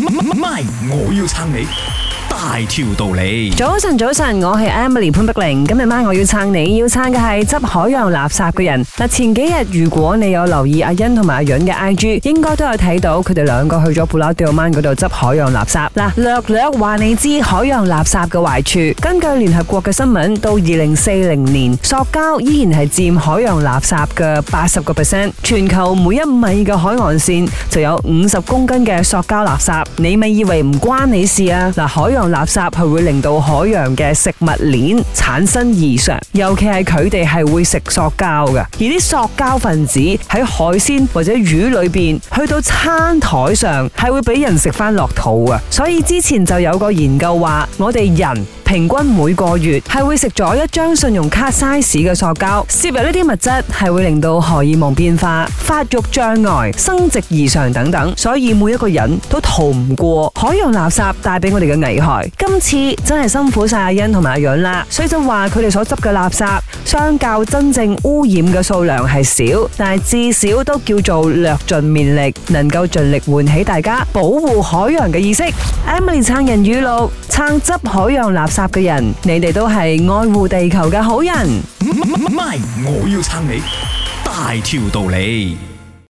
MY，我要撐你。大條道理，早晨早晨，我係 Emily 潘碧玲，今日晚我要撐你，要撐嘅係執海洋垃圾嘅人。嗱，前幾日如果你有留意阿欣同埋阿潤嘅 IG，應該都有睇到佢哋兩個去咗布拉堆灣嗰度執海洋垃圾。嗱，略略話你知海洋垃圾嘅壞處，根據聯合國嘅新聞，到二零四零年，塑膠依然係佔海洋垃圾嘅八十個 percent。全球每一米嘅海岸線就有五十公斤嘅塑膠垃圾。你咪以為唔關你事啊？嗱，海洋垃圾係會令到海洋嘅食物鏈產生異常，尤其係佢哋係會食塑膠嘅，而啲塑膠分子喺海鮮或者魚裏邊，去到餐台上係會俾人食翻落肚嘅，所以之前就有個研究話，我哋人，平均每個月係會食咗一張信用卡 size 嘅塑膠，攝入呢啲物質係會令到荷爾蒙變化、發育障礙、生殖異常等等，所以每一個人都逃唔過海洋垃圾帶俾我哋嘅危害。今次真係辛苦晒阿欣同埋阿陽啦，所以就話佢哋所執嘅垃圾相較真正污染嘅數量係少，但係至少都叫做略盡綿力，能夠盡力喚起大家保護海洋嘅意識。Emily 撐人語錄。撐執海洋垃圾嘅人，你哋都係愛護地球嘅好人。唔係，我要撐你，大條道理。